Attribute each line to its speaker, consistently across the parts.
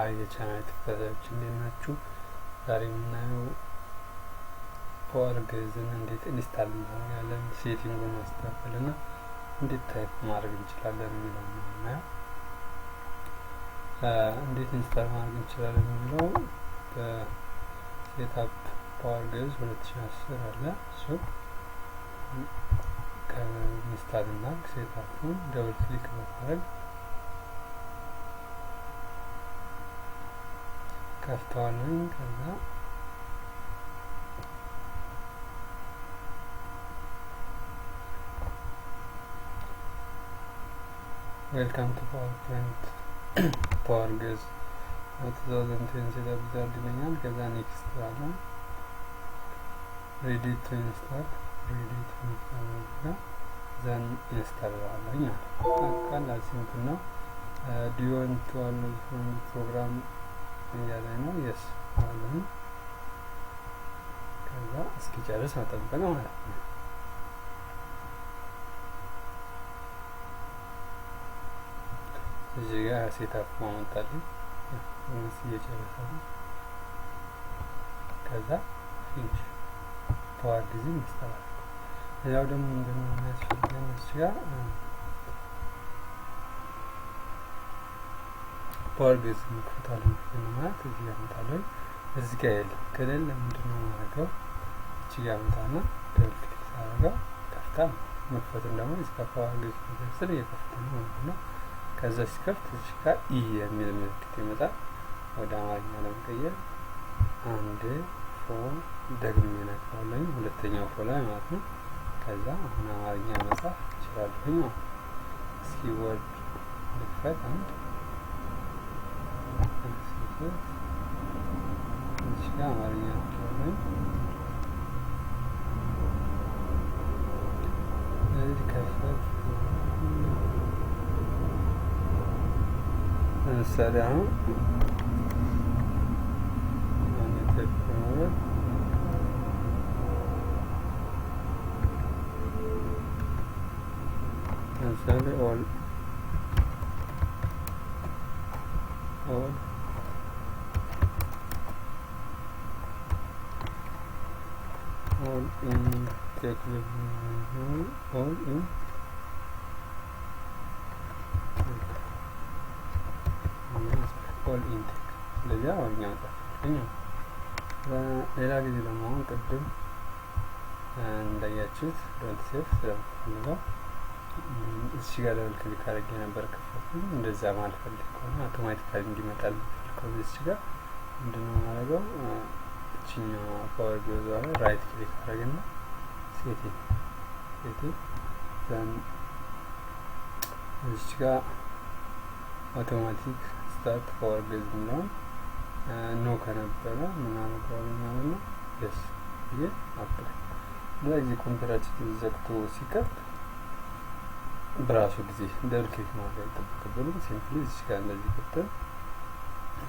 Speaker 1: አይ የቻናል ተከታታዮች እንዴት ናችሁ? ዛሬ የምናየው ፓወር ግዕዝን እንዴት ኢንስታል እናደርጋለን፣ ሴቲንጉን ማስተካከል እና እንዴት ታይፕ ማድረግ እንችላለን የሚለው ነው የምናየው። እንዴት ኢንስታል ማድረግ እንችላለን የሚለው በሴትአፕ ፓወር ግዕዝ አስር አለ። እሱ ከኢንስታል እና ሴትአፑን ደብል ክሊክ በማድረግ ከፍተዋለን ከዛ ዌልካም ቱ ፓወር ፓወርፖይንት ፓወር ግዝ ቱዛውዘንቴንስ ለብዛርድ ይለኛል ከዛ ኔክስት አለ ሬዲ ቱ ኢንስታል ሬዲ ቱ ኢንስታል ጋር ዘን ኢንስታል አለኝ አቃላ ሲምፕል ነው ዲዮን ቱ አርኖልድ ፕሮግራም እያደሙ የስ አሁንም ከዛ እስኪጨርስ መጠበቅ ማለት ነው። እዚህ ጋር ሴታፕ ማመጣልኝ እነሱ እየጨረሰ ነው። ከዛ ፊንሽ ተዋር ጊዜ መስተባል እዚያው ደግሞ እንደሚያስፈልገን እሱ ጋር ኦርግ ስንቆታል ማለት እዚህ ያመጣለሁ። እዚህ ጋር የለም ከሌለ ምንድን ነው ማድረገው? እቺ ያመጣና ደብል ክሊክ ሳደርገው ከፍታ መክፈቱን ደግሞ እዚህ ጋር ኦርግ ስንቆታል እየከፈተ ነው ማለት ነው። ከዛ ሲከፍት እዚህ ጋር ኢ የሚል ምልክት ይመጣል። ወደ አማርኛ ለመቀየር አንድ ፎ ደግሞ ነካዋለኝ ሁለተኛው ፎ ላይ ማለት ነው። ከዛ አሁን አማርኛ መጻፍ ይችላል ማለት ነው። እስኪ ወርድ ልክፈት አንድ yaptı. Başka Amar'ın yaptığı. Nerede kaçlar? Selam. Yani tepki olarak. Mesela all in technical all in ኦል ኢንቴክ እንደዚያ አማርኛ መጣፍልኛ ሌላ ጊዜ ደግሞ አሁን ቅድም እንዳያችሁት ዶንት ሴፍ እዚህ ጋር ክሊክ አድርጌ ነበር ማልፈልግ ከሆነ እንዲመጣል እዚህ ጋር ምንድነው ማድረገው እችኛው ፓወር ቢወዛ ላይ ራይት ክሊክ አድርግና ሴቲንግ ሴቲንግ ዘን እዚች ጋር አውቶማቲክ ስታርት ኖ ከነበረ ምናነባዋለን ማለት ነው። የስ ይሄ አፕላይ እና ኮምፒውተራችን ዘግቶ ሲቀር በራሱ ጊዜ ማድረግ ሲምፕሊ እዚች ጋር እንደዚህ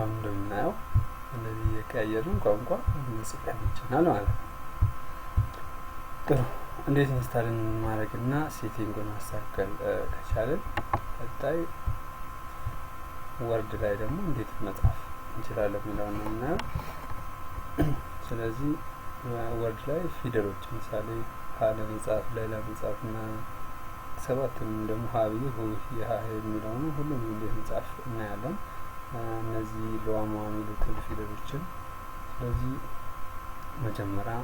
Speaker 1: አሁን እንደምናየው እንደዚህ እየቀያየርን ቋንቋ እንጽፍ ይችላል ማለት ነው። ጥሩ እንዴት ኢንስታልን ማድረግና ሴቲንጉን ማስተካከል ከቻለን ቀጣይ ወርድ ላይ ደግሞ እንዴት መጻፍ እንችላለን የሚለውን ነው የምናየው። ስለዚህ ወርድ ላይ ፊደሎች ምሳሌ ሀ ለመጻፍ ላይ ለመጻፍ እና ሰባትም ደግሞ ሀብይ ብዬ ሁ የሀ የሚለውን ሁሉም እንዴት መጻፍ እናያለን። እነዚህ ለዋማ የሚሉትን ፊደሎችን ስለዚህ መጀመሪያ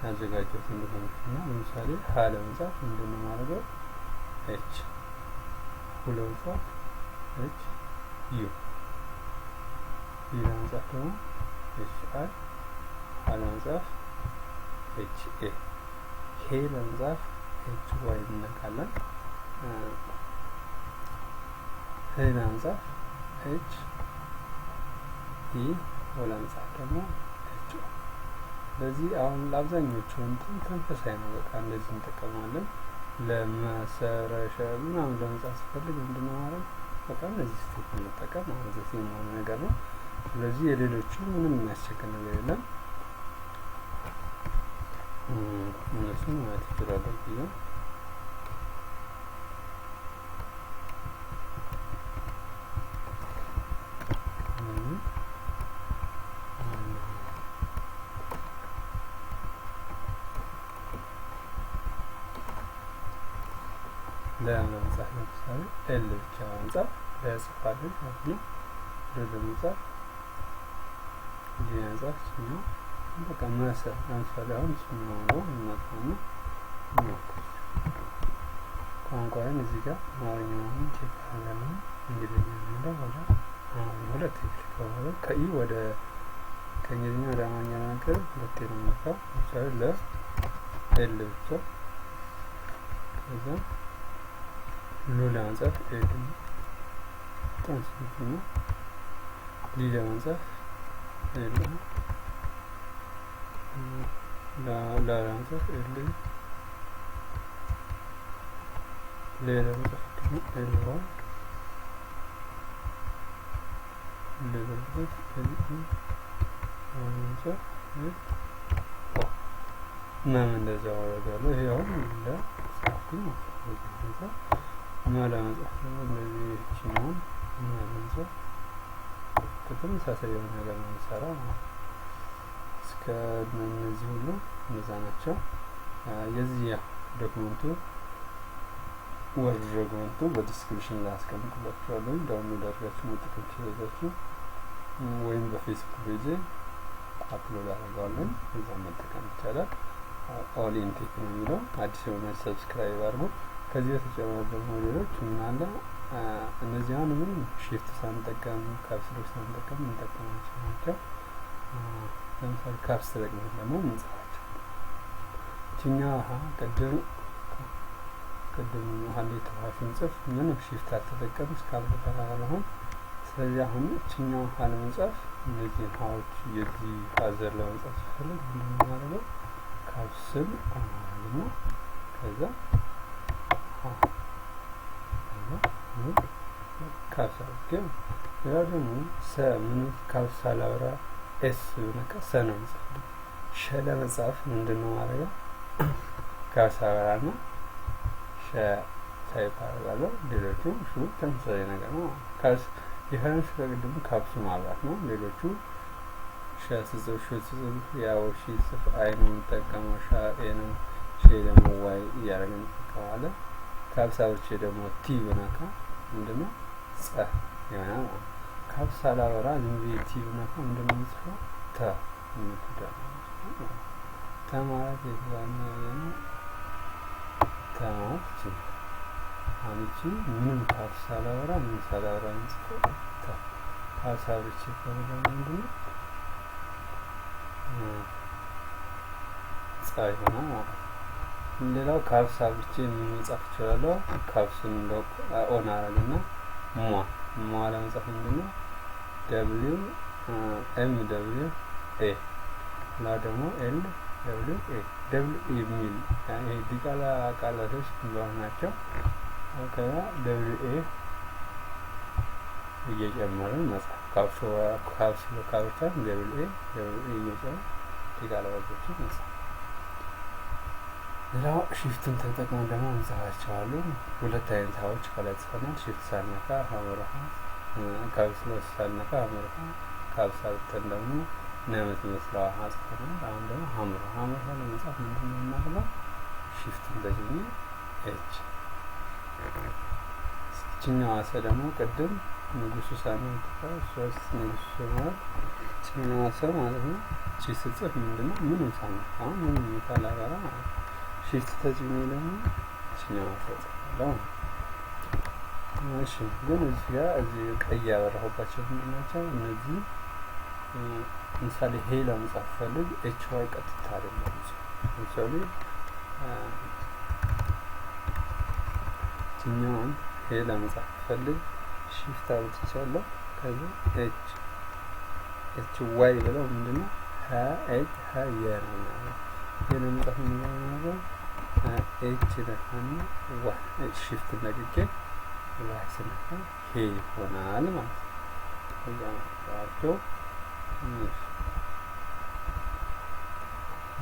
Speaker 1: ያዘጋጀሁት እንደሆነና ለምሳሌ ሀ ለመጻፍ ምንድን ነው የማደርገው ኤች ሁ ለመጻፍ ኤች ዩ ዩ ለመጻፍ ደግሞ ኤች አይ ሀ ለመጻፍ ኤች ኤ ሄ ለመጻፍ ኤች ዋይ እንነካለን ሄ ለመጻፍ ኤች ዲ ወደ አንጻር ደግሞ እጅ ስለዚህ አሁን ለአብዛኞቹ እንትን ተንፈሳይ ነው። በቃ እንደዚህ እንጠቀማለን። ለመሰረሸ ምናምን ለመጻፍ ስፈልግ ምንድነው ማለት በቃ እነዚህ ስቴፕ እንጠቀም አንዘት የመሆን ነገር ነው። ስለዚህ የሌሎቹ ምንም የሚያስቸግር ነገር የለም። እነሱም ማለት ይችላለን ብዬ ኤል ብቻ አንጻር በጽፋለን አዲ ድር አንጻር ዲ አንጻር ችኛው በቃ መሰ ለምሳሌ አሁን ችኛው ነው እናጥፋና እንሞክር። ቋንቋን እዚህ ጋር አማርኛውን ቼክ እንግሊዝኛ ምንለው ወደ አማርኛ ወደ ትክክል ከሆነ ከኢ ወደ ከእንግሊዝኛ ወደ አማርኛ ነገር ሁለቴ ነው የምንመጣው። ለምሳሌ ለኤል ብቻ ከዛ ኑ ለማንጻፍ ኤድን በጣም ነው። ዲ ለማንጻፍ ኤልን ላ ለማንጻፍ ኤልን ሌ ለማንጻፍ ደግሞ ኤል ዋን ሌ ለማንጻፍ ኤልን ለማንጻፍ እንደዚያ አደርጋለሁ። ይሄ አሁን ለጻፍኩኝ ማለት ነው። እኛ ለመጻፍ እንደዚህ ችኛውን እኛ ለመጻፍ የሆነ ነገር ነው የሚሰራው እስከ እነዚህ ሁሉ እነዛ ናቸው። የዚህ ዶክመንቱ ወርድ ዶክመንቱ በዲስክሪፕሽን ላይ አስቀምጥላችኋለሁ። ዳውንሎድ አድርጋችሁ መጠቀም ትችላላችሁ፣ ወይም በፌስቡክ አፕሎድ እዛ መጠቀም ይቻላል። ኦል ኢን ቴክ ነው የሚለው አዲስ የሆነ ሰብስክራይብ አድርጉ። ከዚህ በተጨማሪ ደግሞ ሌሎች ምናለ እነዚያን ምን ሽፍት ሳንጠቀም ካፕስሎች ሳንጠቀም እንጠቀማቸው ናቸው። ለምሳሌ ካፕስ ደግመን ደግሞ ምንጽፋቸው እችኛ ውሀ ቅድም ቅድም ውሃ እንዴት ውሃ ስንጽፍ ምን ሽፍት አልተጠቀም እስካሁን ተፈራለሁን። ስለዚህ አሁን እችኛ ውሀ ለመጻፍ እነዚህን ውሃዎች የዚህ ፋዘር ለመጻፍ ስፈልግ ምንድን ነው የማደርገው ካፕስል ደግሞ ከዛ ያደሙ ሰ ምን ካልሳላብራ ኤስ ብነካ ሰ ነው መጽሐፍ ሸ ለመጽሐፍ ምንድን ነው ማድረገው? ና ሸ ታይፕ አደርጋለሁ። ሌሎቹ ሹ ተመሳሳይ ነገር ነው። ካስ የፈረንሽ በቅድሙ ካፕሱ ማብራት ነው። ሌሎቹ ሸ ስጽፍ ሹ ስጽፍ ያው ሺ ስጽፍ አይ ነው የምጠቀመው ሻ ኤ ሼ ደግሞ ዋይ እያደረግን እንጠቀማለን። ካብሳዎች ደግሞ ቲ ብነካ ምንድነው ፀ ይሆናል ካብሳ ላወራ ዝም ብዬ ቲ ብነካ ምንድነው የምጽፈው ተ የሚፈዳ ተ ማለት የተባለ ነው። ተ ማለት ቺ አንቺ ምንም ካብሳ ላወራ ምን ሳላወራ የምጽፈው ተ ካብሳ ብቻ ከሆነ ምንድነው ፀ ይሆናል ማለት ነው። ሌላው ካብስ አብርቼ መጻፍ እችላለሁ። ካብሱን ኦን አረግና ሟ ሟ ለመጻፍ ምንድነው ደብሊው ኤም ደብሊው ኤ ላ ደግሞ ኤል ደብሊው ኤ ደብሊው የሚል ይሄ ዲቃላ ቃላቶች እንደሆነ ናቸው። ከዛ ደብሊው ኤ እየጨመርን መጻፍ ካብሱ ካብሱ ካብቻ ደብሊው ኤ ደብሊው ኤ እየጨመርን ዲቃላ ወጆችን መጻፍ ሌላው ሽፍትን ተጠቅመን ደግሞ እንጽፋቸዋሉ። ሁለት አይነት ሀዎች ከላይ ጽፈናል። ሽፍት ሳነካ ሀመርሀ ካብስሎስ ሳነካ ሀመርሀ ካብሳ ደግሞ ነመት መስለዋ ሀ አሁን ደግሞ ሀምሮ ሀምርሃ ለመጻፍ ምንድን ነው የምናደርገው? ሽፍትን ተጭኜ ኤች ችኛዋ ሰ ደግሞ ቅድም ንጉሱ ሳነ ሶስት ንጉሱ ማለት ችኛዋ ሰ ማለት ነው። ቺ ስጽፍ ምንድነው ምንም ሳነካ ምንም የሚታላበራ ማለት ነው ሺፍት ተጭኜ ደግሞ እችኛው ፈጽማለሁ። እሺ ግን እዚህ ጋር እዚህ ቀይ ያበራሁባቸው ምንድን ናቸው እነዚህ? ለምሳሌ ሄ ለመጻፍ ፈልግ ኤች ዋይ ቀጥታ አይደለም። ለምሳሌ እችኛውን ሄ ለመጻፍ ፈልግ ሺፍት ከዚ ኤች ኤች ዋይ ብለው ምንድነው ሀ ኤች ሀ የ ነው ይህ ለመጻፍ ነገር ኤች ተካሚ ዋን ሽፍት ነግጌ ላይ ስነካ ሄ ይሆናል ማለት ነው። እያመጣቸው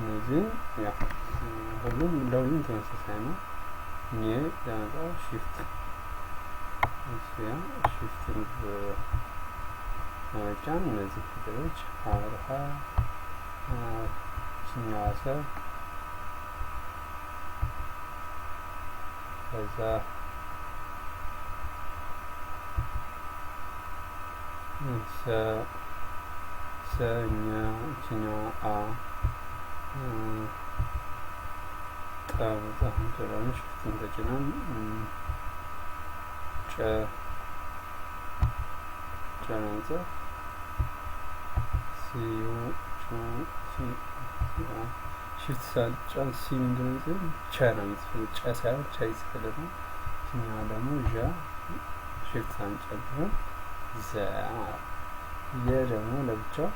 Speaker 1: እነዚህ ያው ሁሉም ለሁሉም ተመሳሳይ ነው። እኔ ያመጣው ሽፍት እዚያ ሽፍትን በመጫን እነዚህ ፊደሎች አብርሃ ችኛዋሰብ Because uh, ሰኛ እችኛዋ አ ጣብጣም ጭራንሽ ፍትን ተጭነን ጨ ጨናንጸ ሲዩ ጩ ሲ ሽፍት ሳልጫን ሲ ምንድን ቻ ነው የምትፈልግ ጫ ሳይሆን ቻ ይጽፈለት ነው። እኛዋ ደግሞ ዣ ሽፍት ሳንጫን ሲሆን ዘ የ ደግሞ ለብቻው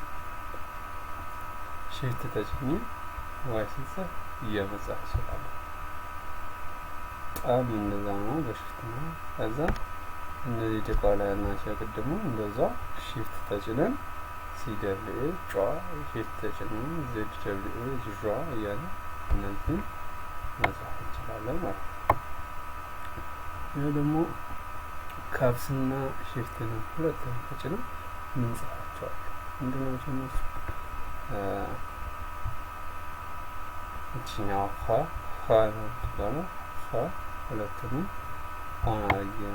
Speaker 1: ሽፍት ተጭኜ ዋይ ሲጽፍ እየመጻፍ ይችላል። ጣም እንደዛ ነው በሽፍት ነው። ከዛ እነዚህ ደቋላ ያልናቸው ቅድሙ እንደዛ ሽፍት ተጭነን ሲደብልኤ ጯ የተጨንን ዘድ ደብልኤ ዟ እያለ እነዚህን መጽሐፍ እንችላለን ማለት ነው። ይህ ደግሞ ካብስና ሽፍትን ሁለት ተጭነው ምንጽፋቸዋል ምንድናቸው እነሱ? እችኛዋ ኸ ኸ ነው ደግሞ ኸ ሁለቱንም ሆን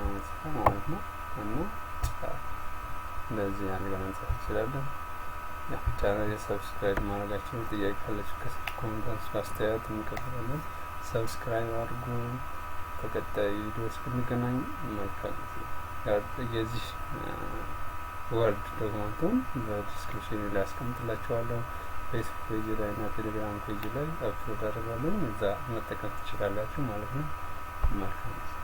Speaker 1: ነው መጽፋ ማለት ነው እና ጭ እንደዚህ አድርጋ መንጻት ትችላለን። ቻናል ሰብስክራይብ ማድረጋችሁን ጥያቄ ካላችሁ ከስልክ ኮሜንት አስተያየት እንቀበላለን። ሰብስክራይብ አድርጉ። በቀጣይ ቪዲዮ እስክንገናኝ መልካም የዚህ ወርድ ዶክመንቱን በዲስክሪፕሽን ላይ አስቀምጥላችኋለሁ። ፌስቡክ ፔጅ ላይ እና ቴሌግራም ፔጅ ላይ አፕሎድ እዛ መጠቀም ትችላላችሁ ማለት ነው። መልካም